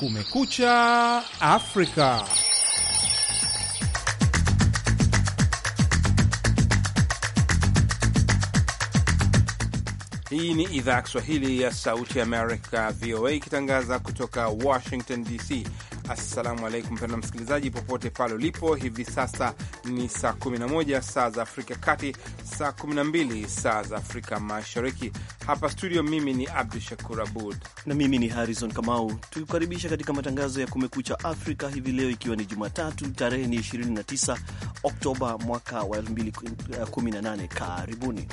Kumekucha Afrika. Hii ni idhaa ya Kiswahili ya Sauti ya Amerika, VOA, ikitangaza kutoka Washington DC. Assalamu alaikum mpendwa msikilizaji, popote pale ulipo hivi sasa. Ni saa 11 saa za Afrika kati, saa 12 saa za Afrika Mashariki. Hapa studio, mimi ni Abdu Shakur Abud na mimi ni Harrison Kamau, tukikukaribisha katika matangazo ya Kumekucha Afrika hivi leo, ikiwa ni Jumatatu tarehe ni 29 Oktoba mwaka wa 2018. Karibuni.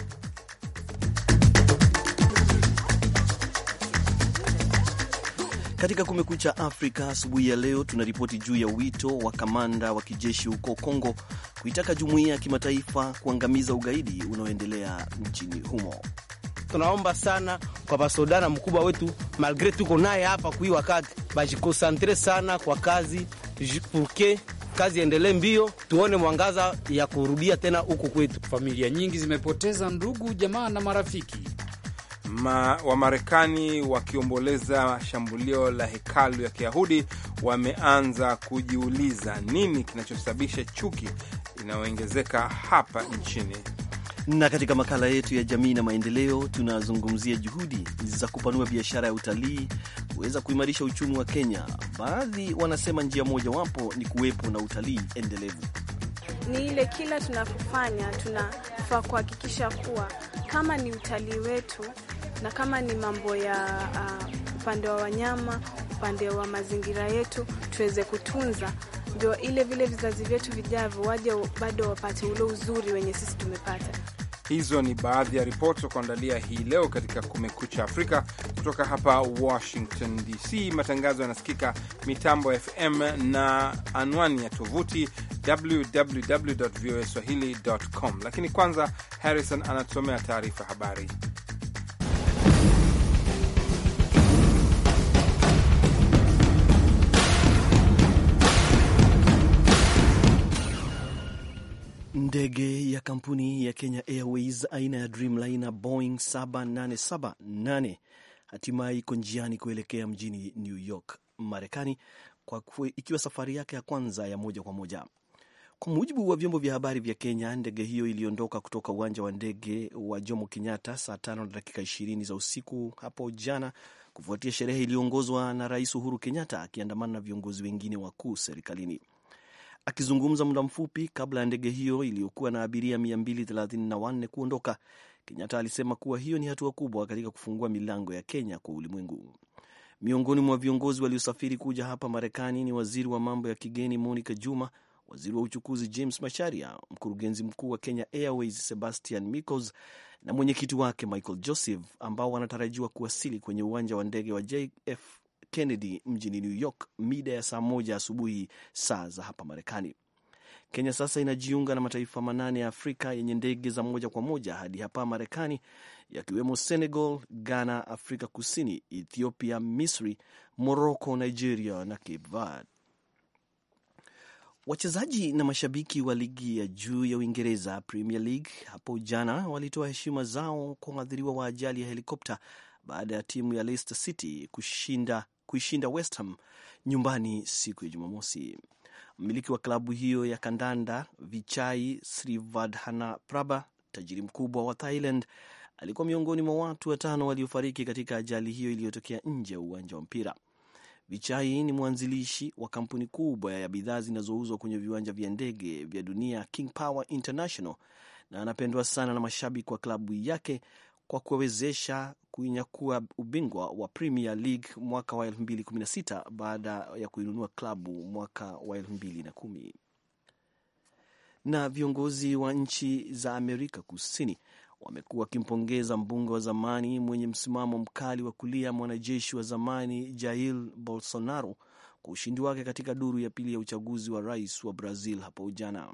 Katika Kumekucha Afrika asubuhi ya leo, tuna ripoti juu ya wito wa kamanda wa kijeshi huko Kongo kuitaka jumuiya ya kimataifa kuangamiza ugaidi unaoendelea nchini humo. Tunaomba sana kwa basodana mkubwa wetu malgre tuko naye hapa kui, wakati bajikonsantre sana kwa kazi purke kazi endelee mbio, tuone mwangaza ya kurudia tena huko kwetu. Familia nyingi zimepoteza ndugu, jamaa na marafiki Ma, Wamarekani wakiomboleza shambulio la hekalu ya Kiyahudi wameanza kujiuliza nini kinachosababisha chuki inayoongezeka hapa nchini. Na katika makala yetu ya jamii na maendeleo, tunazungumzia juhudi za kupanua biashara ya utalii kuweza kuimarisha uchumi wa Kenya. Baadhi wanasema njia mojawapo ni kuwepo na utalii endelevu. Ni ile kila tunapofanya tunafaa kuhakikisha kuwa kama ni utalii wetu na kama ni mambo ya uh, upande wa wanyama, upande wa mazingira yetu tuweze kutunza, ndio ile vile vizazi vyetu vijavyo waje bado wapate ule uzuri wenye sisi tumepata. Hizo ni baadhi ya ripoti za kuandalia hii leo katika Kumekucha Afrika kutoka hapa Washington DC. Matangazo yanasikika mitambo FM na anwani ya tovuti www voa swahili com. Lakini kwanza, Harrison anatusomea taarifa habari. kampuni ya Kenya Airways aina ya Dreamliner Boeing 787-8 hatimaye iko njiani kuelekea mjini New York, Marekani, kwa ikiwa safari yake ya kwanza ya moja kwa moja. Kwa mujibu wa vyombo vya habari vya Kenya, ndege hiyo iliondoka kutoka uwanja wa ndege wa Jomo Kenyatta saa tano na dakika ishirini za usiku hapo jana kufuatia sherehe iliyoongozwa na Rais Uhuru Kenyatta akiandamana na viongozi wengine wakuu serikalini. Akizungumza muda mfupi kabla ya ndege hiyo iliyokuwa na abiria 234 kuondoka, Kenyatta alisema kuwa hiyo ni hatua kubwa katika kufungua milango ya Kenya kwa ulimwengu. Miongoni mwa viongozi waliosafiri kuja hapa Marekani ni waziri wa mambo ya kigeni Monica Juma, waziri wa uchukuzi James masharia mkurugenzi mkuu wa Kenya Airways Sebastian Micos na mwenyekiti wake Michael Joseph, ambao wanatarajiwa kuwasili kwenye uwanja wa ndege wa JF Kennedy mjini New York mida ya saa moja asubuhi saa za hapa Marekani. Kenya sasa inajiunga na mataifa manane ya Afrika yenye ndege za moja kwa moja hadi hapa Marekani, yakiwemo Senegal, Ghana, Afrika Kusini, Ethiopia, Misri, Morocco, Nigeria na Cape Verde. Wachezaji na mashabiki wa ligi ya juu ya Uingereza, Premier League, hapo jana walitoa heshima zao kwa waathiriwa wa ajali ya helikopta baada ya timu ya Leicester City kushinda kuishinda West Ham nyumbani siku ya Jumamosi. Mmiliki wa klabu hiyo ya kandanda Vichai Praba, tajiri mkubwa wa Thailand, alikuwa miongoni mwa watu watano waliofariki katika ajali hiyo iliyotokea nje ya uwanja wa mpira. Vichai ni mwanzilishi wa kampuni kubwa ya bidhaa zinazouzwa kwenye viwanja vya ndege vya dunia King Power International, na anapendwa sana na mashabiki wa klabu yake kwa kuwawezesha kuinyakua ubingwa wa Premier League mwaka wa 2016 baada ya kuinunua klabu mwaka wa 2010. Na viongozi wa nchi za Amerika Kusini wamekuwa wakimpongeza mbunge wa zamani mwenye msimamo mkali wa kulia, mwanajeshi wa zamani Jair Bolsonaro kwa ushindi wake katika duru ya pili ya uchaguzi wa rais wa Brazil hapo jana.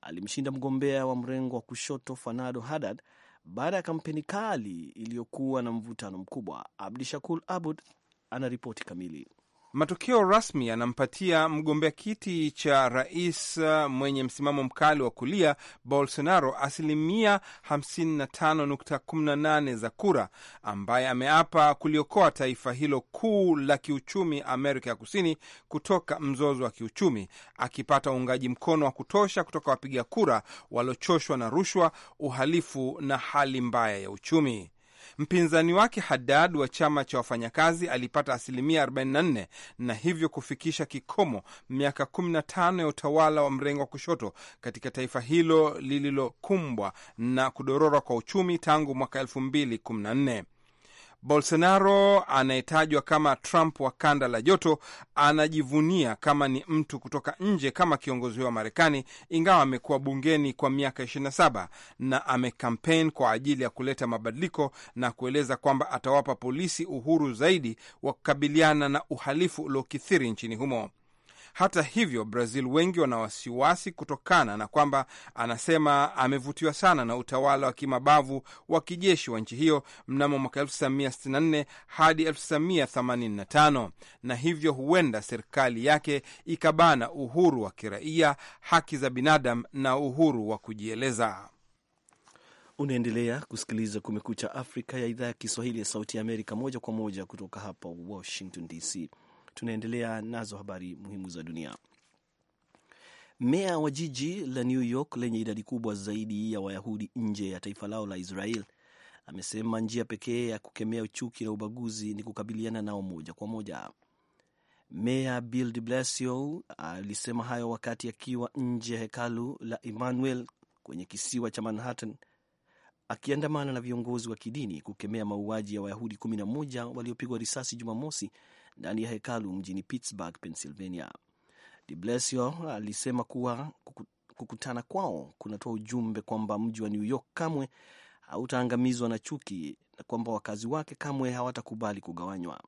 Alimshinda mgombea wa mrengo wa kushoto Fernando Haddad baada ya kampeni kali iliyokuwa na mvutano mkubwa. abdishakur Shakur Abud anaripoti kamili. Matokeo rasmi yanampatia mgombea kiti cha rais uh, mwenye msimamo mkali wa kulia Bolsonaro asilimia 55.18 za kura, ambaye ameapa kuliokoa taifa hilo kuu la kiuchumi Amerika ya Kusini kutoka mzozo wa kiuchumi, akipata uungaji mkono wa kutosha kutoka wapiga kura waliochoshwa na rushwa, uhalifu na hali mbaya ya uchumi. Mpinzani wake Haddad wa chama cha wafanyakazi alipata asilimia 44 na hivyo kufikisha kikomo miaka 15 ya utawala wa mrengo wa kushoto katika taifa hilo lililokumbwa na kudorora kwa uchumi tangu mwaka 2014. Bolsonaro anayetajwa kama Trump wa kanda la joto anajivunia kama ni mtu kutoka nje kama kiongozi wa Marekani, ingawa amekuwa bungeni kwa miaka 27 na amekampen kwa ajili ya kuleta mabadiliko na kueleza kwamba atawapa polisi uhuru zaidi wa kukabiliana na uhalifu uliokithiri nchini humo. Hata hivyo, Brazil wengi wana wasiwasi kutokana na kwamba anasema amevutiwa sana na utawala wa kimabavu wa kijeshi wa nchi hiyo mnamo mwaka 1964 hadi 1985, na hivyo huenda serikali yake ikabana uhuru wa kiraia, haki za binadamu na uhuru wa kujieleza. Unaendelea kusikiliza Kumekucha Afrika ya idhaa ya Kiswahili ya Sauti ya Amerika, moja kwa moja kutoka hapa Washington DC tunaendelea nazo habari muhimu za dunia. Meya wa jiji la New York lenye idadi kubwa zaidi ya Wayahudi nje ya taifa lao la Israel amesema njia pekee ya kukemea uchuki na ubaguzi ni kukabiliana nao moja kwa moja. Meya Bill de Blasio alisema hayo wakati akiwa nje ya hekalu la Emmanuel kwenye kisiwa cha Manhattan akiandamana na viongozi wa kidini kukemea mauaji ya Wayahudi 11 waliopigwa risasi Jumamosi ndani ya hekalu mjini Pittsburgh, Pennsylvania. De Blasio alisema kuwa kukutana kwao kunatoa ujumbe kwamba mji wa New York kamwe hautaangamizwa na chuki na kwamba wakazi wake kamwe hawatakubali kugawanywa.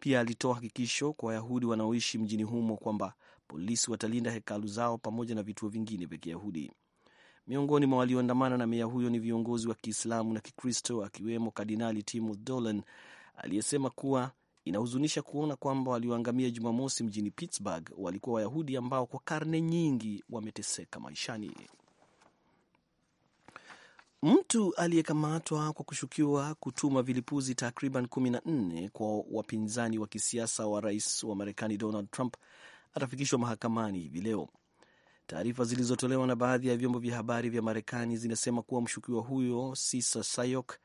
Pia alitoa hakikisho kwa Wayahudi wanaoishi mjini humo kwamba polisi watalinda hekalu zao pamoja na vituo vingine vya Kiyahudi. Miongoni mwa walioandamana na meya huyo ni viongozi wa Kiislamu na Kikristo, akiwemo Kardinali Timothy Dolan aliyesema kuwa Inahuzunisha kuona kwamba walioangamia Jumamosi mjini Pittsburgh walikuwa Wayahudi ambao kwa karne nyingi wameteseka maishani. Mtu aliyekamatwa kwa kushukiwa kutuma vilipuzi takriban 14 kwa wapinzani wa kisiasa wa rais wa Marekani Donald Trump atafikishwa mahakamani hivi leo. Taarifa zilizotolewa na baadhi ya vyombo vya habari vya Marekani zinasema kuwa mshukiwa huyo Sisa Sayok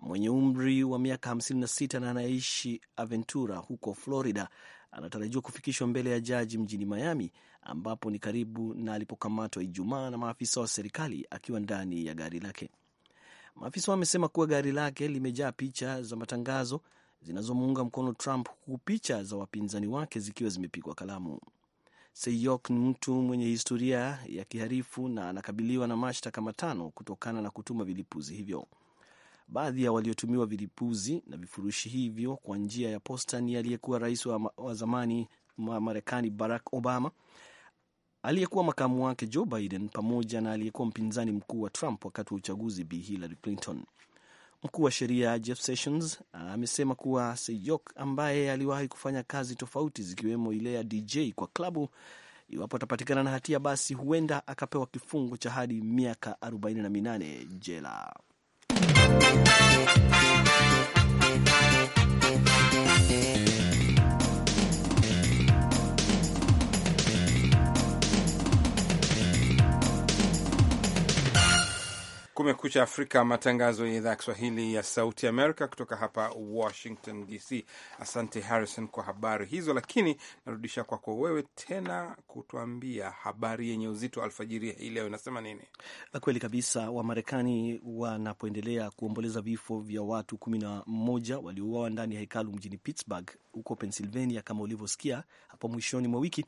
mwenye umri wa miaka 56 na anayeishi Aventura huko Florida anatarajiwa kufikishwa mbele ya jaji mjini Miami ambapo ni karibu na alipokamatwa Ijumaa na maafisa wa serikali akiwa ndani ya gari lake. Maafisa wamesema kuwa gari lake limejaa picha za matangazo zinazomuunga mkono Trump huku picha za wapinzani wake zikiwa zimepigwa kalamu. Seyok ni mtu mwenye historia ya kiharifu na anakabiliwa na mashtaka matano kutokana na kutuma vilipuzi hivyo. Baadhi ya waliotumiwa vilipuzi na vifurushi hivyo kwa njia ya posta ni aliyekuwa rais wa, wa zamani wa Marekani Barack Obama, aliyekuwa makamu wake Joe Biden pamoja na aliyekuwa mpinzani mkuu wa Trump wakati wa uchaguzi Bi Hillary Clinton. Mkuu wa sheria Jeff Sessions ah, amesema kuwa seyok ambaye aliwahi kufanya kazi tofauti zikiwemo ile ya DJ kwa klabu, iwapo atapatikana na hatia, basi huenda akapewa kifungo cha hadi miaka 48 jela. Kumekucha Afrika, matangazo ya idhaa ya Kiswahili ya Sauti Amerika kutoka hapa Washington DC. Asante Harrison kwa habari hizo, lakini narudisha kwako wewe tena kutuambia habari yenye uzito alfajiri hii leo inasema nini? Kweli kabisa, Wamarekani wanapoendelea kuomboleza vifo vya watu kumi na mmoja waliouawa ndani ya hekalu mjini Pittsburgh huko Pennsylvania, kama ulivyosikia hapo mwishoni mwa wiki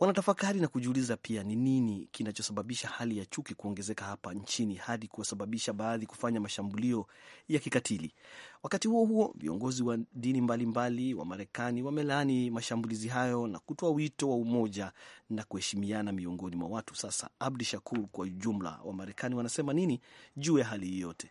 wanatafakari na kujiuliza pia ni nini kinachosababisha hali ya chuki kuongezeka hapa nchini hadi kuwasababisha baadhi kufanya mashambulio ya kikatili. Wakati huo huo, viongozi wa dini mbalimbali mbali wa Marekani wamelaani mashambulizi hayo na kutoa wito wa umoja na kuheshimiana miongoni mwa watu. Sasa Abdi Shakur, kwa ujumla wa Marekani wanasema nini juu ya hali yote?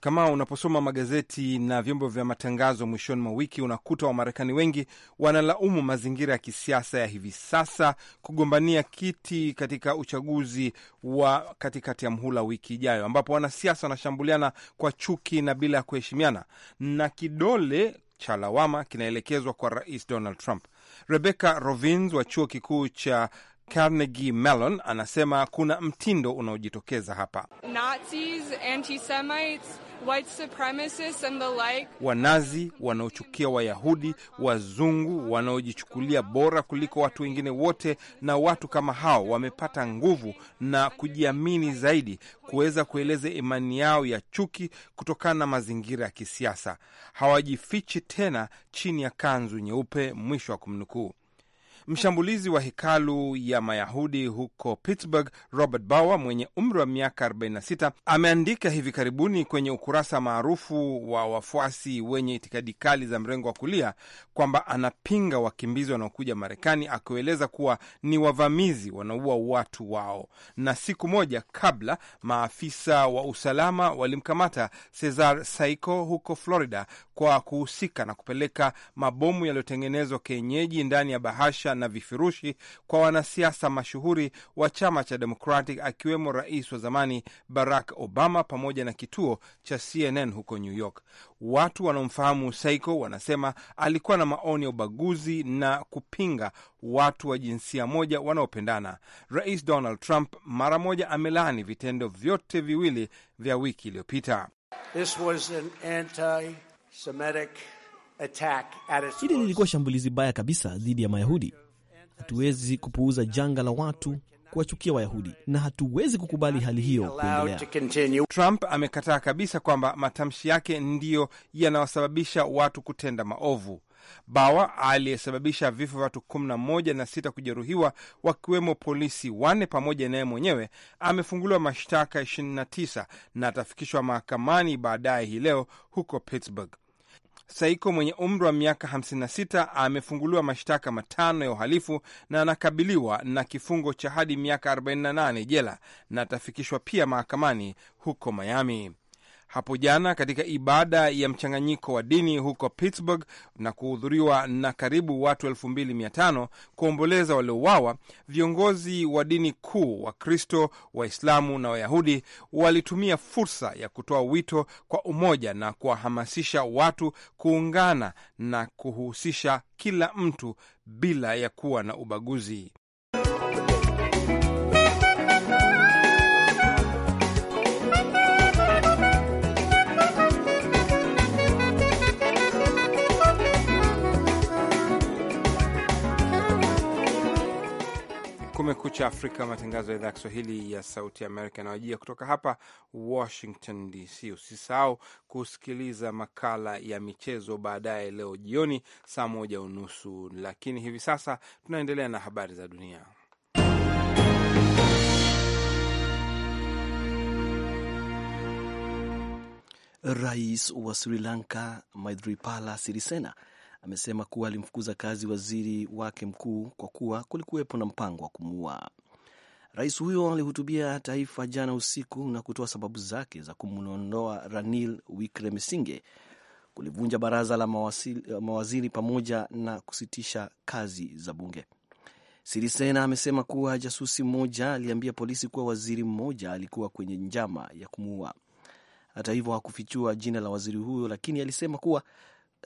kama unaposoma magazeti na vyombo vya matangazo mwishoni mwa wiki, unakuta Wamarekani wengi wanalaumu mazingira ya kisiasa ya hivi sasa kugombania kiti katika uchaguzi wa katikati ya mhula wiki ijayo, ambapo wanasiasa wanashambuliana kwa chuki na bila ya kuheshimiana, na kidole cha lawama kinaelekezwa kwa Rais Donald Trump. Rebecca Rovins wa chuo kikuu cha Carnegie Mellon anasema kuna mtindo unaojitokeza hapa. Nazis, antisemites, white supremacists and the like. Wanazi wanaochukia Wayahudi, wazungu wanaojichukulia bora kuliko watu wengine wote, na watu kama hao wamepata nguvu na kujiamini zaidi kuweza kueleza imani yao ya chuki kutokana na mazingira ya kisiasa. Hawajifichi tena chini ya kanzu nyeupe, mwisho wa kumnukuu. Mshambulizi wa hekalu ya Mayahudi huko Pittsburgh, Robert Bauer mwenye umri wa miaka 46 ameandika hivi karibuni kwenye ukurasa maarufu wa wafuasi wenye itikadi kali za mrengo wa kulia kwamba anapinga wakimbizi wanaokuja Marekani, akieleza kuwa ni wavamizi wanaua watu wao, na siku moja kabla maafisa wa usalama walimkamata Cesar Saico huko Florida kwa kuhusika na kupeleka mabomu yaliyotengenezwa kienyeji ndani ya bahasha na vifurushi kwa wanasiasa mashuhuri wa chama cha Democratic akiwemo rais wa zamani Barack Obama pamoja na kituo cha CNN huko New York. Watu wanaomfahamu Saiko wanasema alikuwa na maoni ya ubaguzi na kupinga watu wa jinsia moja wanaopendana. Rais Donald Trump mara moja amelaani vitendo vyote viwili vya wiki iliyopita. This was an anti Hili lilikuwa shambulizi baya kabisa dhidi ya Mayahudi. Hatuwezi kupuuza janga la watu kuwachukia Wayahudi na hatuwezi kukubali hali hiyo kuendelea. Trump amekataa kabisa kwamba matamshi yake ndiyo yanawasababisha watu kutenda maovu. Bawa aliyesababisha vifo vya watu kumi na moja na sita kujeruhiwa wakiwemo polisi wane pamoja naye mwenyewe amefunguliwa mashtaka 29 na atafikishwa mahakamani baadaye hii leo huko Pittsburgh. Saiko mwenye umri wa miaka 56 amefunguliwa mashtaka matano ya uhalifu na anakabiliwa na kifungo cha hadi miaka 48 jela na atafikishwa pia mahakamani huko Miami hapo jana katika ibada ya mchanganyiko wa dini huko Pittsburgh na kuhudhuriwa na karibu watu elfu kuomboleza waliouawa. Viongozi wa dini kuu, wa kristo Waislamu na Wayahudi walitumia fursa ya kutoa wito kwa umoja na kuwahamasisha watu kuungana na kuhusisha kila mtu bila ya kuwa na ubaguzi. Kumekucha Afrika, matangazo ya idhaa ya Kiswahili ya Sauti Amerika yanawajia kutoka hapa Washington DC. Usisahau kusikiliza makala ya michezo baadaye leo jioni saa moja unusu, lakini hivi sasa tunaendelea na habari za dunia. Rais wa Sri Lanka Maithripala Sirisena amesema kuwa alimfukuza kazi waziri wake mkuu kwa kuwa kulikuwepo na mpango wa kumuua. Rais huyo alihutubia taifa jana usiku na kutoa sababu zake za kumwondoa Ranil Wickremesinghe, kulivunja baraza la mawaziri, mawaziri pamoja na kusitisha kazi za bunge. Sirisena amesema kuwa jasusi mmoja aliambia polisi kuwa waziri mmoja alikuwa kwenye njama ya kumuua. Hata hivyo hakufichua jina la waziri huyo, lakini alisema kuwa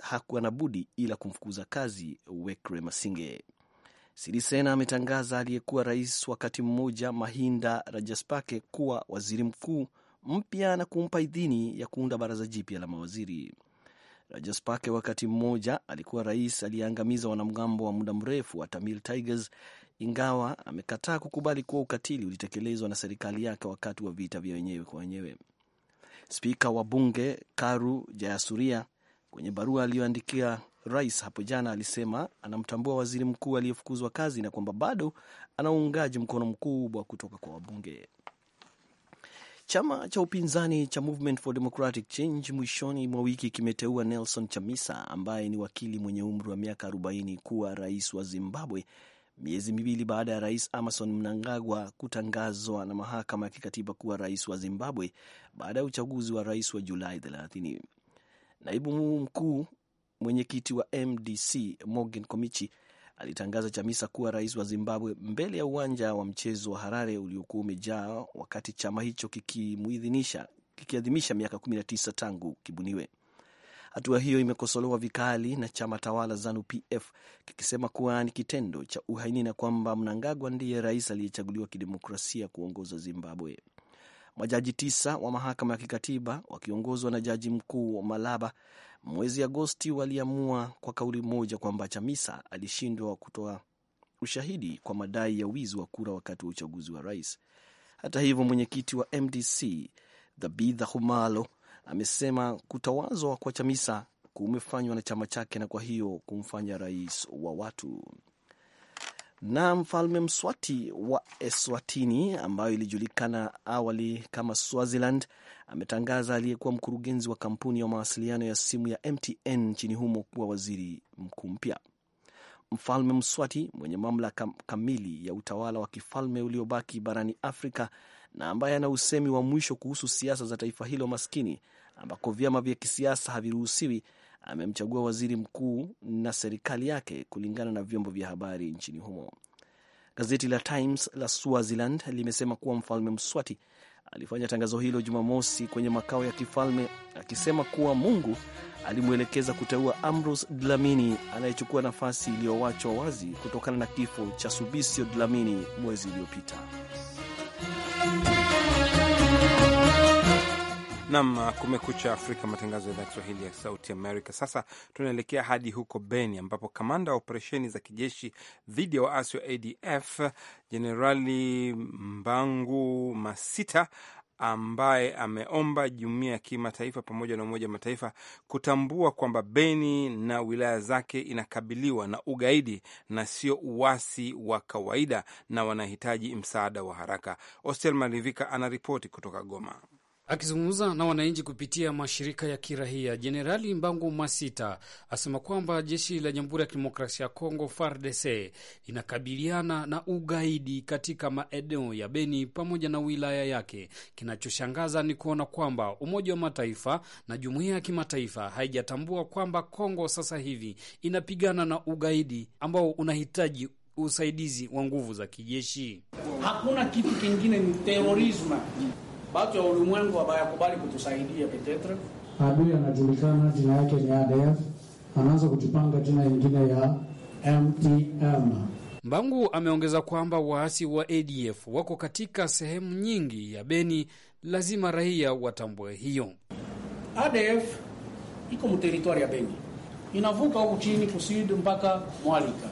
hakuwa na budi ila kumfukuza kazi Wekre Masinge. Sirisena ametangaza aliyekuwa rais wakati mmoja Mahinda Rajaspake kuwa waziri mkuu mpya na kumpa idhini ya kuunda baraza jipya la mawaziri. Rajaspake wakati mmoja alikuwa rais aliyeangamiza wanamgambo wa muda mrefu wa Tamil Tigers, ingawa amekataa kukubali kuwa ukatili ulitekelezwa na serikali yake wakati wa vita vya wenyewe kwa wenyewe. Spika wa bunge Karu Jayasuria Kwenye barua aliyoandikia rais hapo jana, alisema anamtambua waziri mkuu aliyefukuzwa kazi na kwamba bado ana uungaji mkono mkubwa kutoka kwa wabunge. Chama cha upinzani cha Movement for Democratic Change mwishoni mwa wiki kimeteua Nelson Chamisa ambaye ni wakili mwenye umri wa miaka 40 kuwa rais wa Zimbabwe, miezi miwili baada ya rais Emmerson Mnangagwa kutangazwa na mahakama ya kikatiba kuwa rais wa Zimbabwe baada ya uchaguzi wa rais wa Julai Naibu mkuu mwenyekiti wa MDC Morgan Komichi alitangaza Chamisa kuwa rais wa Zimbabwe mbele ya uwanja wa mchezo wa Harare uliokuwa umejaa, wakati chama hicho kikimuidhinisha kikiadhimisha miaka 19 tangu kibuniwe. Hatua hiyo imekosolewa vikali na chama tawala ZANU-PF kikisema kuwa ni kitendo cha uhaini na kwamba Mnangagwa ndiye rais aliyechaguliwa kidemokrasia kuongoza Zimbabwe majaji tisa wa mahakama ya kikatiba wakiongozwa na jaji mkuu wa Malaba mwezi Agosti waliamua kwa kauli moja kwamba Chamisa alishindwa kutoa ushahidi kwa madai ya wizi wa kura wakati wa uchaguzi wa rais. Hata hivyo, mwenyekiti wa MDC Dhabitha Humalo amesema kutawazwa kwa Chamisa kumefanywa na chama chake na kwa hiyo kumfanya rais wa watu na mfalme Mswati wa Eswatini ambayo ilijulikana awali kama Swaziland ametangaza aliyekuwa mkurugenzi wa kampuni ya mawasiliano ya simu ya MTN nchini humo kuwa waziri mkuu mpya. Mfalme Mswati mwenye mamlaka kamili ya utawala wa kifalme uliobaki barani Afrika na ambaye ana usemi wa mwisho kuhusu siasa za taifa hilo maskini ambako vyama vya kisiasa haviruhusiwi amemchagua waziri mkuu na serikali yake, kulingana na vyombo vya habari nchini humo. Gazeti la Times la Swaziland limesema kuwa mfalme Mswati alifanya tangazo hilo Jumamosi kwenye makao ya kifalme akisema kuwa Mungu alimwelekeza kuteua Ambrose Dlamini anayechukua nafasi iliyowachwa wazi kutokana na kifo cha Subisio Dlamini mwezi uliopita. Nam uh, Kumekucha Afrika, matangazo ya idhaa Kiswahili ya Sauti Amerika. Sasa tunaelekea hadi huko Beni, ambapo kamanda wa operesheni za kijeshi dhidi ya waasi wa ADF Jenerali Mbangu Masita ambaye ameomba jumuiya ya kimataifa pamoja na Umoja wa Mataifa kutambua kwamba Beni na wilaya zake inakabiliwa na ugaidi na sio uasi wa kawaida, na wanahitaji msaada wa haraka. Ostel Malivika anaripoti kutoka Goma. Akizungumza na wananchi kupitia mashirika ya kirahia, Jenerali Mbangu Masita asema kwamba jeshi la Jamhuri ya Kidemokrasia ya Kongo FARDC inakabiliana na ugaidi katika maeneo ya Beni pamoja na wilaya yake. Kinachoshangaza ni kuona kwamba Umoja wa Mataifa na jumuiya ya kimataifa haijatambua kwamba Kongo sasa hivi inapigana na ugaidi ambao unahitaji usaidizi wa nguvu za kijeshi. Hakuna kitu kingine, ni terorisma Batu ya ulimwengu abayakubali kutusaidia petetre. Adui anajulikana jina yake ni ADF, anaanza kujipanga jina ingine ya MTM. Mbangu ameongeza kwamba waasi wa ADF wako katika sehemu nyingi ya Beni, lazima raia watambue hiyo. ADF iko mteritwari ya Beni, inavuka huku chini kusidi mpaka Mwalika.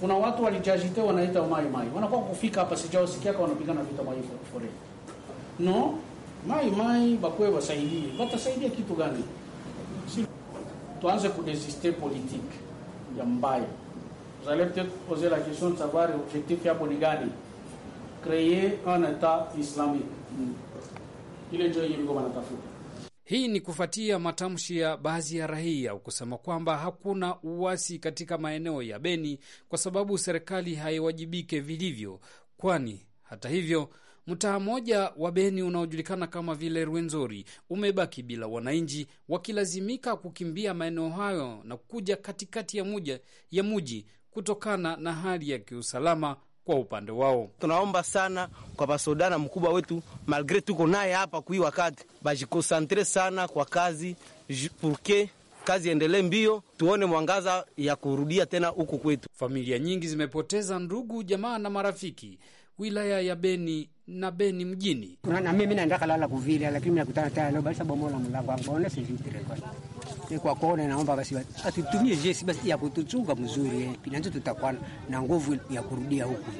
Kuna watu walijajite wanaita mai mai, wanakuwa kufika hapa, sijawasikiaka wanapigana vita mai no mai mai bakuwe wasaidie, watasaidia kitu gani? Si tuanze kudesiste politique ya mbaya. Vous allez peut-être poser la question de savoir objectif yabo ni gani, créer un état islamique. Hmm. Ile ndio ilikuwa wanatafuta. Hii ni kufuatia matamshi ya baadhi ya raia kusema kwamba hakuna uasi katika maeneo ya Beni kwa sababu serikali haiwajibike vilivyo, kwani hata hivyo Mtaa mmoja wa Beni unaojulikana kama vile Rwenzori umebaki bila wananchi, wakilazimika kukimbia maeneo hayo na kuja katikati ya muji, ya muji kutokana na hali ya kiusalama. Kwa upande wao tunaomba sana kwa basodana mkubwa wetu malgre tuko naye hapa kui wakati bajikonsantre sana kwa kazi purke kazi endelee mbio, tuone mwangaza ya kurudia tena huku kwetu. Familia nyingi zimepoteza ndugu, jamaa na marafiki wilaya ya Beni na Beni mjini. Na mimi naenda kalala kuvile, lakini nakutana tena leo basi bomo la mlango ambao sijui kwa ni kwa kuona naomba basi atutumie jeshi basi ya kutuchunga mzuri, eh. pinacho tutakuwa na nguvu ya kurudia huku.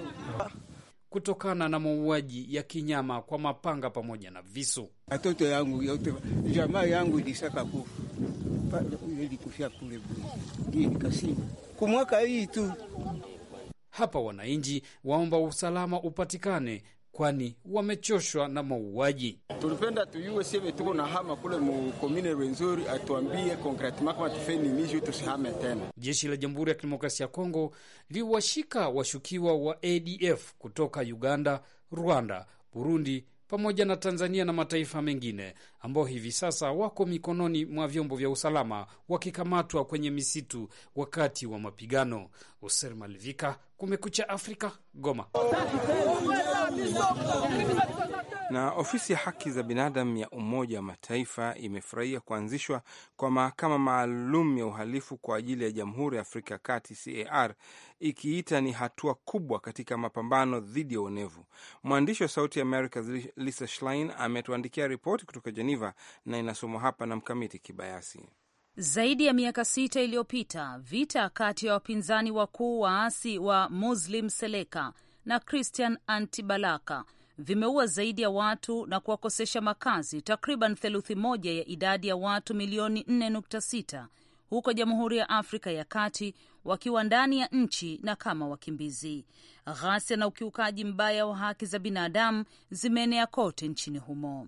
Kutokana na mauaji ya kinyama kwa mapanga pamoja na visu, watoto yangu yote, jamaa yangu ilisaka kufa ilikufia kule Bwii, ndiye nikasima kumwaka hii tu hapa wananchi waomba usalama upatikane kwani wamechoshwa na mauaji. Tulipenda tuyue sieve tuko na hama kule mukomune Rwenzori atuambie konkretima kama tufeni mizi tusihame tena. Jeshi la Jamhuri ya Kidemokrasia ya Kongo liwashika washukiwa wa ADF kutoka Uganda, Rwanda, Burundi pamoja na Tanzania na mataifa mengine ambao hivi sasa wako mikononi mwa vyombo vya usalama wakikamatwa kwenye misitu wakati wa mapigano. Oser Malivika, Kumekucha Afrika, Goma. Na ofisi ya haki za binadamu ya Umoja wa Mataifa imefurahia kuanzishwa kwa mahakama maalum ya uhalifu kwa ajili ya Jamhuri ya Afrika ya Kati, CAR, ikiita ni hatua kubwa katika mapambano dhidi ya uonevu. Mwandishi wa Sauti ya America Lisa Schlein ametuandikia ripoti kutoka Geneva na inasomwa hapa na Mkamiti Kibayasi. Zaidi ya miaka sita iliyopita vita kati ya wapinzani wakuu waasi wa Muslim Seleka na Christian Antibalaka vimeua zaidi ya watu na kuwakosesha makazi takriban theluthi moja ya idadi ya watu milioni 4.6 huko Jamhuri ya Afrika ya Kati wakiwa ndani ya nchi na kama wakimbizi. Ghasia na ukiukaji mbaya wa haki za binadamu zimeenea kote nchini humo.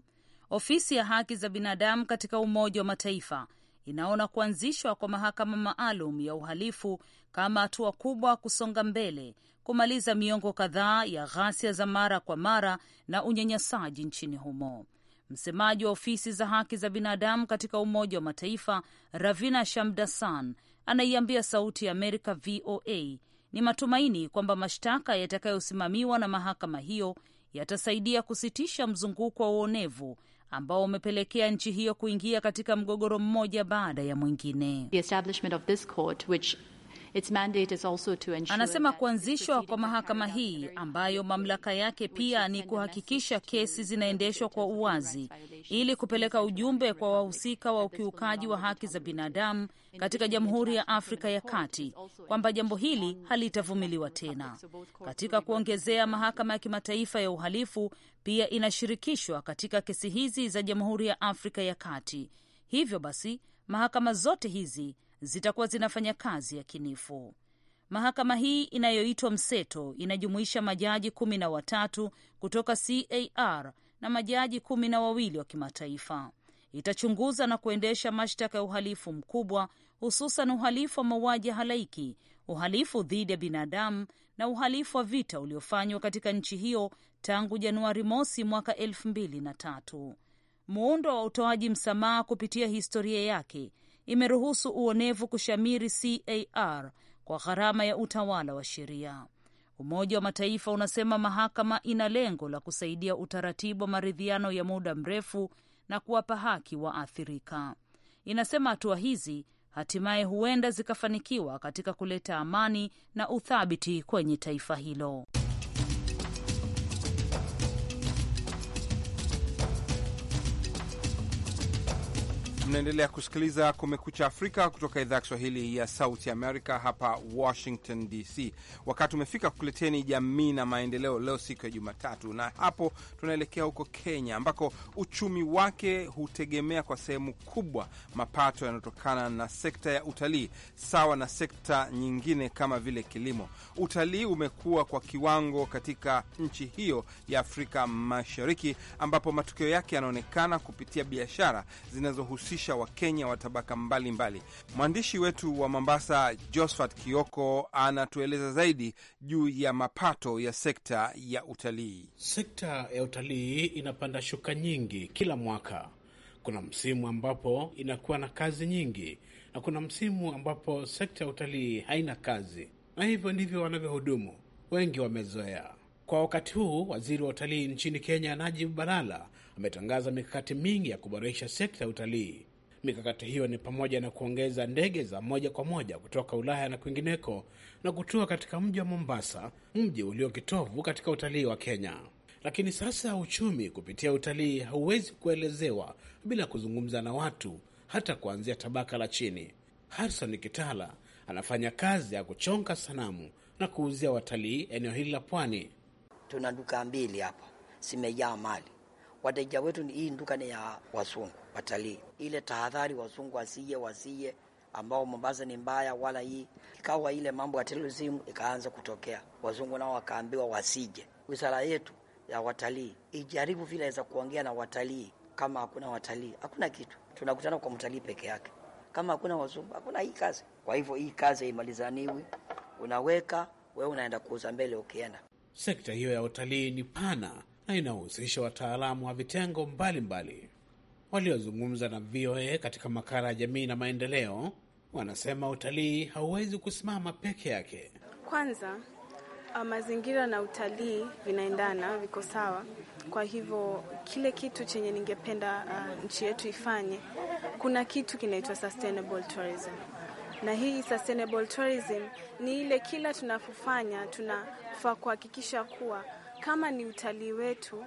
Ofisi ya haki za binadamu katika Umoja wa Mataifa inaona kuanzishwa kwa mahakama maalum ya uhalifu kama hatua kubwa kusonga mbele kumaliza miongo kadhaa ya ghasia za mara kwa mara na unyanyasaji nchini humo. Msemaji wa ofisi za haki za binadamu katika Umoja wa Mataifa Ravina Shamdasan anaiambia Sauti ya Amerika VOA ni matumaini kwamba mashtaka yatakayosimamiwa na mahakama hiyo yatasaidia kusitisha mzunguko wa uonevu ambao umepelekea nchi hiyo kuingia katika mgogoro mmoja baada ya mwingine. The establishment of this court, which Its mandate is also to ensure. Anasema kuanzishwa kwa mahakama hii ambayo mamlaka yake pia ni kuhakikisha kesi zinaendeshwa kwa uwazi ili kupeleka ujumbe kwa wahusika wa ukiukaji wa haki za binadamu katika Jamhuri ya Afrika ya Kati kwamba jambo hili halitavumiliwa tena. Katika kuongezea, mahakama ya kimataifa ya uhalifu pia inashirikishwa katika kesi hizi za Jamhuri ya Afrika ya Kati. Hivyo basi, mahakama zote hizi zitakuwa zinafanya kazi ya kinifu Mahakama hii inayoitwa mseto inajumuisha majaji kumi na watatu kutoka CAR na majaji kumi na wawili wa kimataifa. Itachunguza na kuendesha mashtaka ya uhalifu mkubwa, hususan uhalifu wa mauaji ya halaiki, uhalifu dhidi ya binadamu na uhalifu wa vita uliofanywa katika nchi hiyo tangu Januari mosi mwaka elfu mbili na tatu. Muundo wa utoaji msamaha kupitia historia yake imeruhusu uonevu kushamiri CAR kwa gharama ya utawala wa sheria. Umoja wa Mataifa unasema mahakama ina lengo la kusaidia utaratibu wa maridhiano ya muda mrefu na kuwapa haki waathirika. Inasema hatua hizi hatimaye huenda zikafanikiwa katika kuleta amani na uthabiti kwenye taifa hilo. Mnaendelea kusikiliza Kumekucha Afrika kutoka idhaa ya Kiswahili ya Sauti Amerika hapa Washington DC. Wakati umefika kukuleteni Jamii na Maendeleo leo siku ya Jumatatu, na hapo tunaelekea huko Kenya ambako uchumi wake hutegemea kwa sehemu kubwa mapato yanayotokana na sekta ya utalii sawa na sekta nyingine kama vile kilimo. Utalii umekuwa kwa kiwango katika nchi hiyo ya Afrika Mashariki ambapo matukio yake yanaonekana kupitia biashara zinazohusisha kuhamasisha Wakenya wa tabaka mbalimbali. Mwandishi wetu wa Mombasa, Josphat Kioko, anatueleza zaidi juu ya mapato ya sekta ya utalii. Sekta ya utalii inapanda shuka nyingi kila mwaka. Kuna msimu ambapo inakuwa na kazi nyingi na kuna msimu ambapo sekta ya utalii haina kazi, na hivyo ndivyo wanavyohudumu. Wengi wamezoea. Kwa wakati huu, waziri wa utalii nchini Kenya, Najib Balala, ametangaza mikakati mingi ya kuboresha sekta ya utalii. Mikakati hiyo ni pamoja na kuongeza ndege za moja kwa moja kutoka Ulaya na kwingineko na kutua katika mji wa Mombasa, mji ulio kitovu katika utalii wa Kenya. Lakini sasa uchumi kupitia utalii hauwezi kuelezewa bila kuzungumza na watu, hata kuanzia tabaka la chini. harson Kitala anafanya kazi ya kuchonga sanamu na kuuzia watalii eneo hili la pwani. Tuna duka mbili hapa zimejaa mali. Wateja wetu, hii duka ni ya wasungu watalii, ile tahadhari wazungu wasije wasije ambao Mombasa ni mbaya wala hii. Ikawa ile mambo ya terrorism ikaanza kutokea, wazungu nao wakaambiwa wasije. Wizara yetu ya watalii ijaribu vile aweza kuongea na watalii. Kama hakuna watalii, hakuna kitu. Tunakutana kwa mtalii peke yake. Kama hakuna wazungu, hakuna hii kazi. Kwa hivyo hii kazi haimalizaniwi, unaweka wewe, unaenda kuuza mbele ukienda. Sekta hiyo ya utalii ni pana na inahusisha wataalamu wa vitengo mbalimbali mbali waliozungumza na VOA katika makala ya jamii na maendeleo wanasema utalii hauwezi kusimama peke yake. Kwanza uh, mazingira na utalii vinaendana, viko sawa. Kwa hivyo kile kitu chenye ningependa uh, nchi yetu ifanye, kuna kitu kinaitwa sustainable tourism, na hii sustainable tourism ni ile kila tunapofanya tunafaa kuhakikisha kuwa kama ni utalii wetu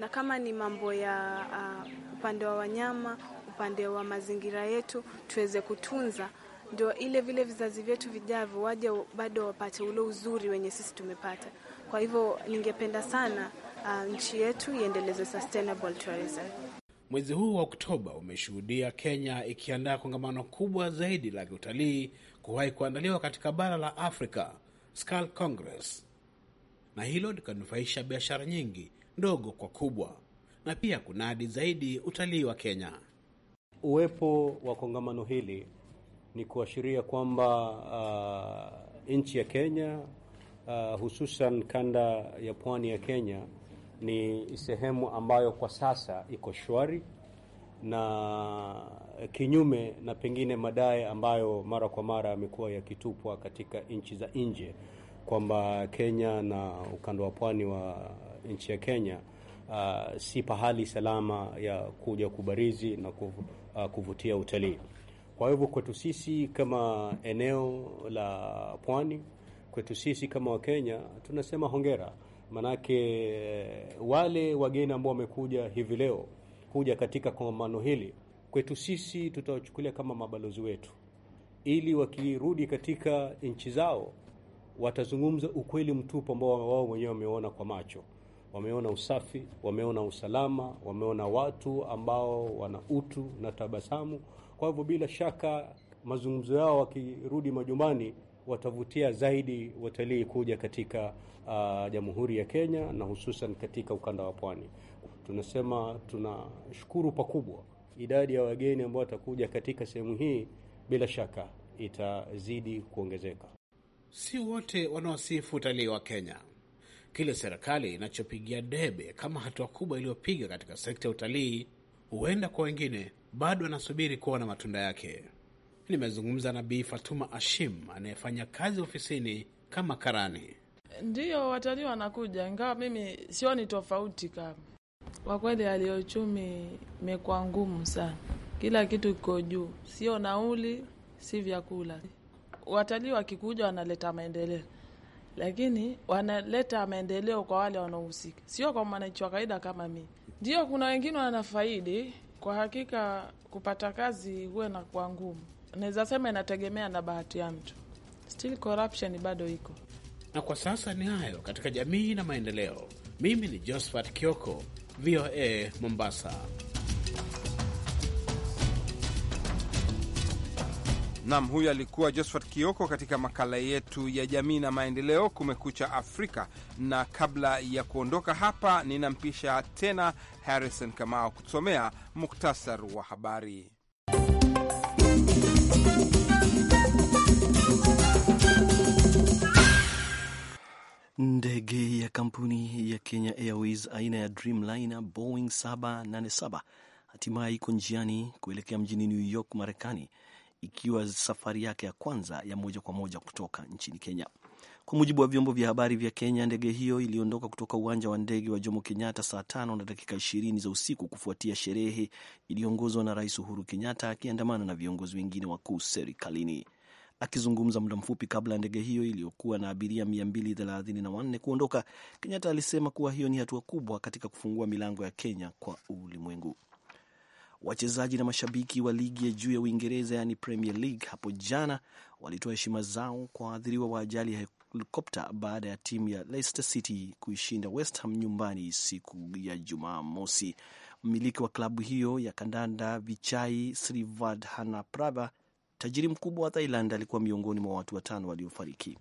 na kama ni mambo ya uh, upande wa wanyama, upande wa mazingira yetu tuweze kutunza, ndio ile vile vizazi vyetu vijavyo waje bado wapate ule uzuri wenye sisi tumepata. Kwa hivyo ningependa sana uh, nchi yetu iendeleze sustainable tourism. Mwezi huu wa Oktoba umeshuhudia Kenya ikiandaa kongamano kubwa zaidi la kiutalii kuwahi kuandaliwa katika bara la Afrika, Skal Congress, na hilo likanufaisha biashara nyingi ndogo kwa kubwa, na pia kunadi zaidi utalii wa Kenya. Uwepo wa kongamano hili ni kuashiria kwamba uh, nchi ya Kenya uh, hususan kanda ya pwani ya Kenya ni sehemu ambayo kwa sasa iko shwari na kinyume na pengine madai ambayo mara kwa mara yamekuwa yakitupwa katika nchi za nje kwamba Kenya na ukanda wa pwani wa nchi ya Kenya uh, si pahali salama ya kuja kubarizi na uh, kuvutia utalii. Kwa hivyo kwetu sisi kama eneo la pwani, kwetu sisi kama Wakenya tunasema hongera, manake wale wageni ambao wamekuja hivi leo kuja katika kongamano hili kwetu sisi tutawachukulia kama mabalozi wetu, ili wakirudi katika nchi zao watazungumza ukweli mtupu ambao wao wenyewe wameona kwa macho wameona usafi, wameona usalama, wameona watu ambao wana utu na tabasamu. Kwa hivyo, bila shaka mazungumzo yao wakirudi majumbani watavutia zaidi watalii kuja katika uh, Jamhuri ya Kenya na hususan katika ukanda wa pwani. Tunasema tunashukuru pakubwa idadi ya wageni ambao watakuja katika sehemu hii, bila shaka itazidi kuongezeka. Si wote wanaosifu utalii wa Kenya kile serikali inachopigia debe kama hatua kubwa iliyopiga katika sekta ya utalii, huenda kwa wengine bado anasubiri kuona matunda yake. Nimezungumza na Bi Fatuma Ashim anayefanya kazi ofisini kama karani. Ndiyo, watalii wanakuja, ingawa mimi sioni tofauti kama kwa kweli hali ya uchumi imekuwa ngumu sana, kila kitu kiko juu, sio nauli, si vyakula. Watalii wakikuja wanaleta maendeleo, lakini wanaleta maendeleo kwa wale wanaohusika, sio kwa mwananchi wa kawaida kama mi. Ndio, kuna wengine wanafaidi kwa hakika. Kupata kazi huwe na kwa ngumu, naweza sema inategemea na bahati ya mtu. Still corruption bado iko. Na kwa sasa ni hayo katika jamii na maendeleo. Mimi ni Josephat Kioko, VOA Mombasa. Nam, huyu alikuwa Josephat Kioko katika makala yetu ya jamii na maendeleo, Kumekucha Afrika. Na kabla ya kuondoka hapa, ninampisha tena Harrison Kamau kusomea muktasar wa habari. Ndege ya kampuni ya Kenya Airways aina ya Dreamliner Boeing 787 hatimaye iko njiani kuelekea mjini New York, Marekani ikiwa safari yake ya kwanza ya moja kwa moja kutoka nchini Kenya. Kwa mujibu wa vyombo vya habari vya Kenya, ndege hiyo iliondoka kutoka uwanja wa ndege wa Jomo Kenyatta saa tano na dakika ishirini za usiku kufuatia sherehe iliyoongozwa na Rais Uhuru Kenyatta akiandamana na viongozi wengine wakuu serikalini. Akizungumza muda mfupi kabla ya ndege hiyo iliyokuwa na abiria 234 kuondoka, Kenyatta alisema kuwa hiyo ni hatua kubwa katika kufungua milango ya Kenya kwa ulimwengu. Wachezaji na mashabiki wa ligi ya juu ya Uingereza, yani Premier League, hapo jana walitoa heshima zao kwa waathiriwa wa ajali ya helikopta baada ya timu ya Leicester City kuishinda West Ham nyumbani siku ya Jumamosi. Mmiliki wa klabu hiyo ya kandanda Vichai Srivadhanaprabha, tajiri mkubwa wa Thailand, alikuwa miongoni mwa watu watano waliofariki.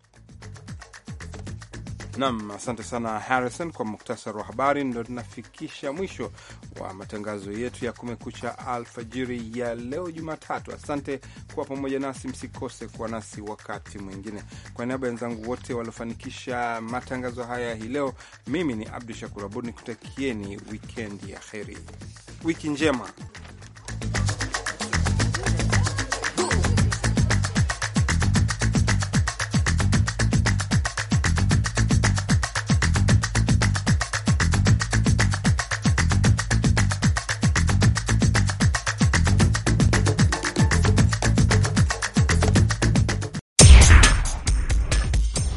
Nam, asante sana Harrison kwa muktasari wa habari. Ndo tunafikisha mwisho wa matangazo yetu ya Kumekucha alfajiri ya leo Jumatatu. Asante kuwa pamoja nasi, msikose kuwa nasi wakati mwingine. Kwa niaba ya wenzangu wote waliofanikisha matangazo haya hii leo, mimi ni Abdu Shakur Abud nikutakieni wikendi ya heri, wiki njema.